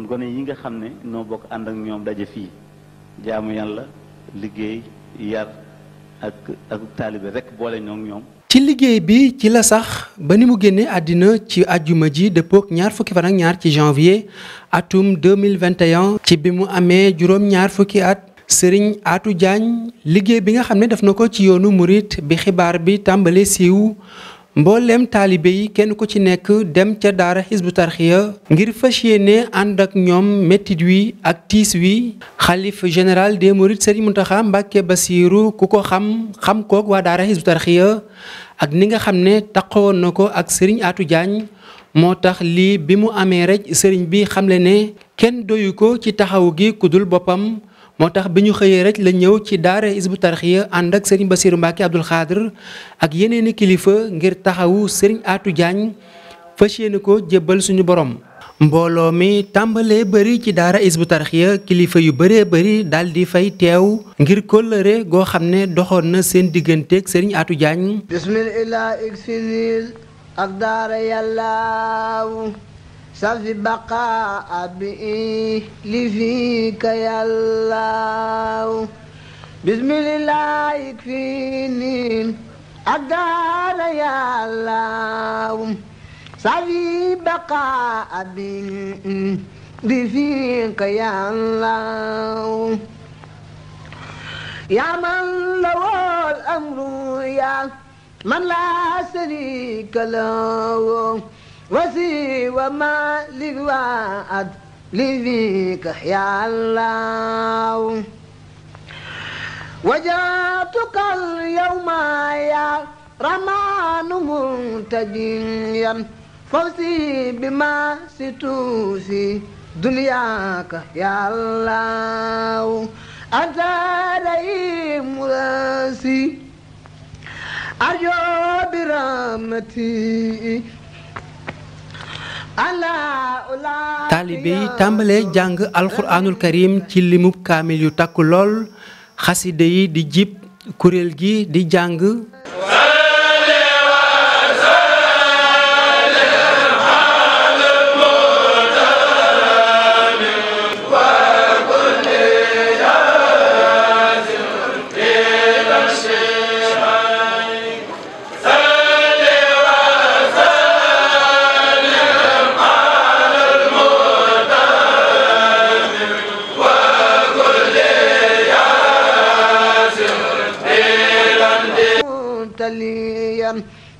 kon gone yi nga xam ne noo bokk ànd ak ñoom daje fii jaamu yàlla liggéey yar ak ak taalibe rekk boole ñoo ñoom. ci liggéey bi ci la sax ba ni mu génnee àddina ci àjjuma ji dëppook ñaar fukki fan ñaar ci janvier atum 2021 ci bi mu amee juróom ñaar fukki at. Sëriñ atu Diagne liggéey bi nga xam ne def na ko ci yoonu murit bi xibaar bi tàmbale siiw mbooleem taalibe yi kenn ku ci nekk dem ca daara xisbu tarxiya ngir fas yéene ànd ak ñoom metit wi ak tiis wi xalifa général des mourides Serigne Mountakha Mbacké Bassirou ku ko xam xam koog waa daara xisbu tarxiya ak ni nga xam ne taxawoon na ko ak sëriñ Atou Diagne moo tax lii bi mu amee rek sëriñ bi xamle ne kenn doyu ko ci taxaw gi ku dul boppam moo tax bi ñu xëyee rek la ñëw ci daara Hizbut Tarqiyyah ànd ak Serigne Bassirou Mbacké Abdoul Khadr ak yeneeni kilifa ngir taxawu Serigne atu Diagne fas yéene ko jébbal suñu boroom mbooloo mi tàmbalee bëri ci daara Hizbut Tarqiyyah kilifa yu bëree bari daal di fay teew ngir kóllëre goo xam ne doxoon na seen digganteeg Serigne Atou Diagne. bismillah ak daara yàllaaw safi baqaa bi li fiika yàllaaw bismillaahi fii niin ak daara yàllaaw safi baqaa bi li fiika yàllaaw yaa man lawol amru yaa man laa sariika law وسي وما للوعد لذيك يا الله وجاتك اليوم يا رمان منتجيا فوزي بما ستوفي دنياك يا الله أنت رئيم راسي أرجو برحمتي taalibe yi tàmbalee jàng alxuraanul karim ci limu kaamil yu takku lool xaside yi di jib kuréel gi di jàng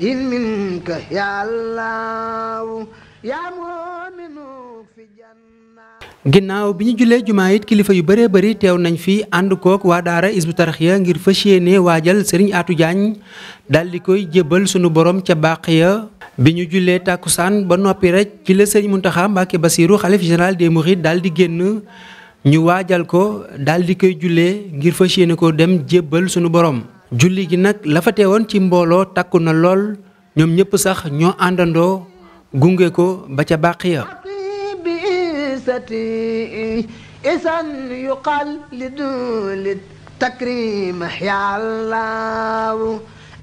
إذ ginnaaw bi ñu jullee jumaa it kilifa yu bëree bari teew nañ fi ànd kook waa daara isbu tarxiya ngir fas yéene waajal sëriñ Atou Diagne daal di koy jébbal sunu borom ca bàq ya bi ñu jullee tàkkusaan ba noppi rek ci la sëriñ Muntaxa Mbàkke Basiiru xalif général des mourides daal di génn ñu waajal ko daldi koy jullee ngir fas yéene ko dem jébbal sunu boroom julli gi nag la fa teewoon ci mbooloo takku na lool ñoom ñëpp sax ñoo àndandoo gunge ko ba ca bàqiya isan yuqallidu li takrim yàllaaw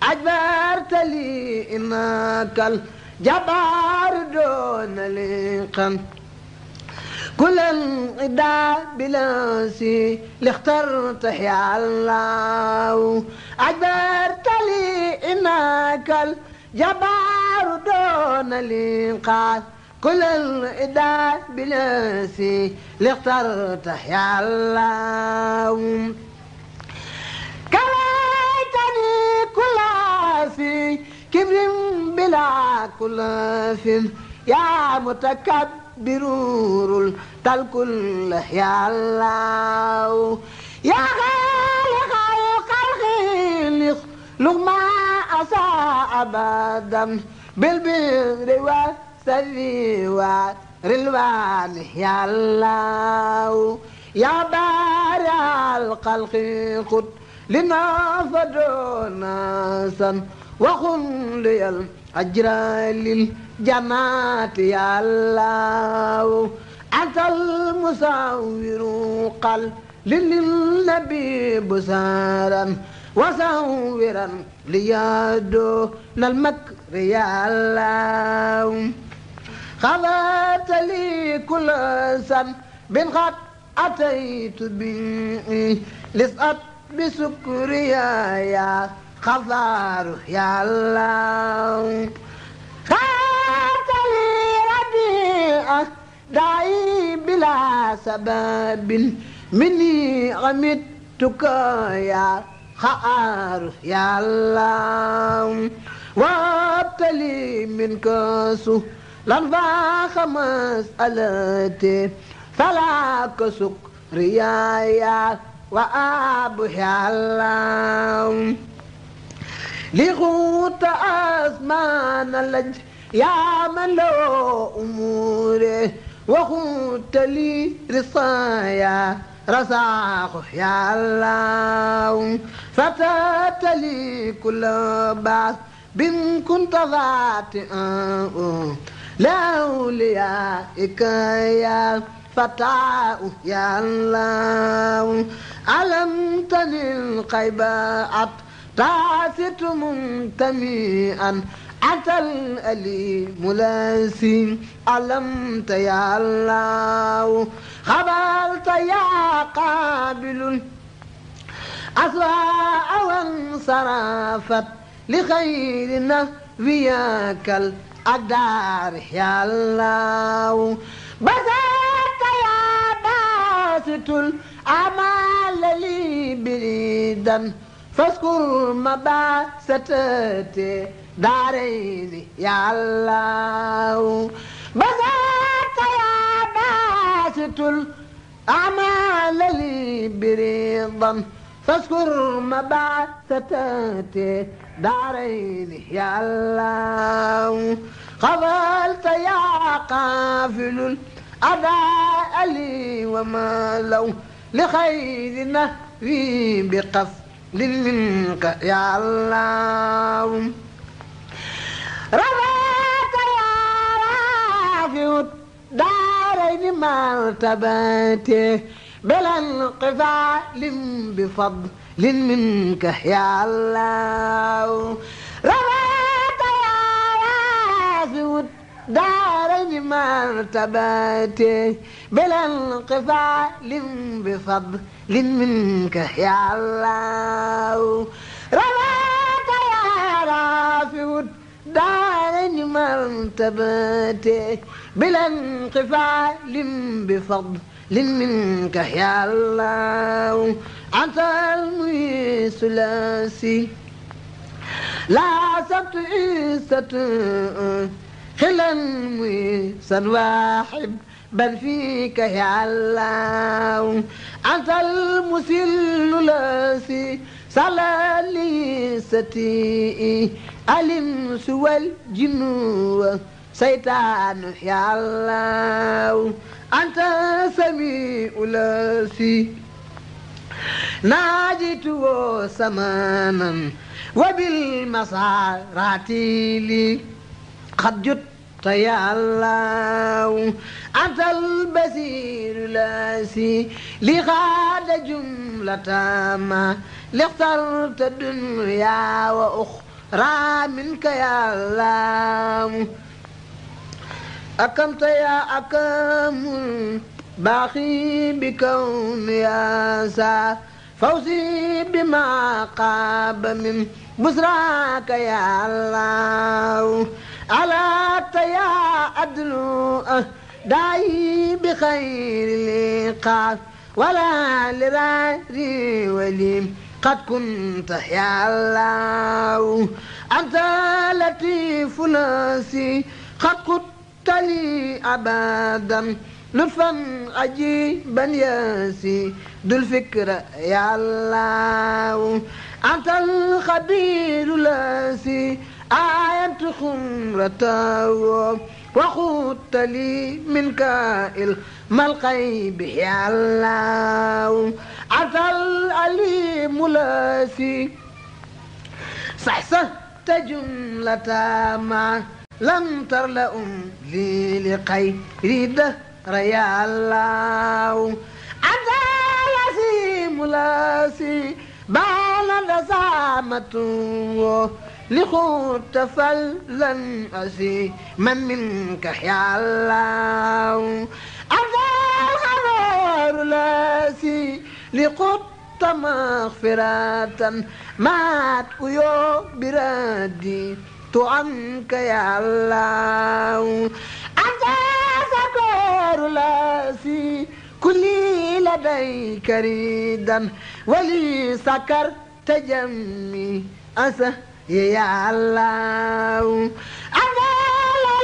ajbartali inakal jabaar doona li xan كل انقضاء بلاسي اللي اخترته يا الله أجبرت لي إنك الجبار دون الإنقاذ كل الإداء بلاسي اللي اخترته يا الله كرهتني كل في كبر بلا كل يا متكبر birurul talkul ya allah ya xaaliqal xalqi luqma asa abadan bil birri wa safi wa rilwan ya allah ya bari al xalqi qut lina wa xun liyal ajralil janaati yàllaaw antal musawiru qal lilil nabi busaaran wasawiran liyado nal makri yàllaaw xalaata li kula san bin xat ataytu bi lisat bi sukriya خضار يا الله خاتلي ربيعك دعي بلا سبب مني غمدتك يا خار يا الله وابتلي منك سهلا فاخ مسألتي فلا كسك ريايا وابو يا الله لغوت أزمان اللج يا من له أموره وغوت لي رصايا رزاق يا الله فتات لي كل بعث بن كنت ذاتئا لأوليائك يا فتاة يا الله ألم تنل قيبات قاست منتميئا أتى الأليم لاسي ألمت يا الله خبرت يا قابل أسواء وانصرفت لخيرنا وياك الأدار يا الله بذات يا باسط الأمال لي بريدا فاذكر مباسطة داري يا الله بسطت يا باسط الأعمال لي بريضا فاذكر مباسطة داري يا الله قبلت يا قافل الأداء لي وما لو لخيرنا في بقصد منك يا الله رضاك يا رافع الدارين مرتبتي بلا انقفال بفضل منك يا الله رضاك مرتباتي بلا انقفال بفضل منك يا الله رماك يا رافع دارني مرتباتي بلا انقفال بفضل منك يا الله أنت الميس لاسي لا ستئست خلا ويسا واحد بل فيك يا علام أنت المسل لاسي صلى لي ستي الإنس والجن سيطان يا الله أنت سميع لاسي ناجيت سمانا وبالمسارات لي قد جدت يا الله أنت البصير لاسي لغاد جملة ما لاخترت الدنيا وأخرى منك يا الله أكمت يا أكم باقي بكون يا سار فوزي بما قاب من بسراك يا الله على تيا أدنو داي بخير لقاف ولا لراري وليم قد كنت يا الله أنت لطيف ناسي قد كنت لي أبدا لطفا عجيبا ياسي ذو الفكرة يا الله أنت الخبير لاسي آه خمرته وخدت لي منك الملقي به الله عفى الأليم لاسي صحصحت جملة ما لم تر لأم لي لقي ريده ريا الله عفى العظيم لاسي بان لزامته لخوت فلن أسي من منك يا الله أرضى الغرار لاسي لقط مغفرة مات ويو برادي عنك يا الله أنت ذكر لاسي كلي لديك ريدا ولي سكر تجمي أسه يا الله أنا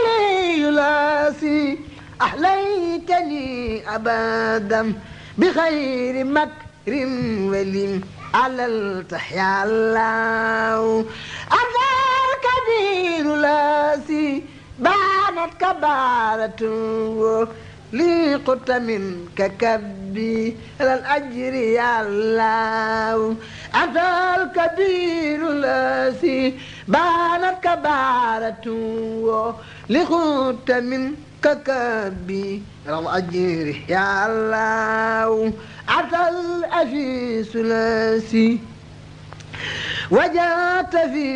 لا يلاسي أحليتني أبدا بغير مكر ولي على التحيا الله أنا الكبير لاسي بانت كبارة lii qutamin ka kabbi alal ajri yàllaaw antal kabiru la si baanat ka baaratu woo li qutamin ka kabbi alal ajri yàllaaw antal afiisu la si wajaata fi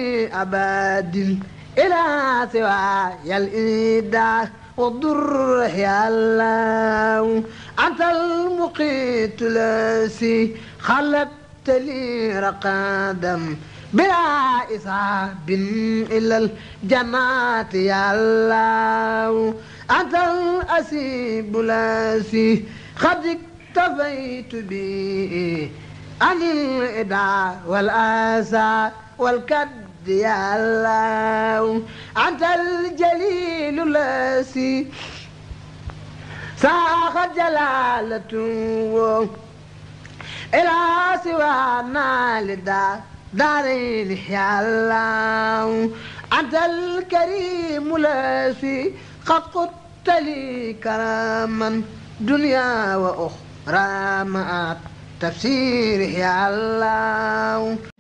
abadin ilaa siwaayal idaa والضر يا الله أنت المقيت الذي خلقت لي رقادم بلا إصاب إلا الجنات يا الله أنت الأسيب الذي قد اكتفيت به عن الإدعاء والآسى والكد حسبي الله أنت الجليل الذي ساقت جلالته إلى سوانا لدار دارين يا الله أنت الكريم الذي قد قدت لي كراما دنيا وأخرى مع تفسير يا الله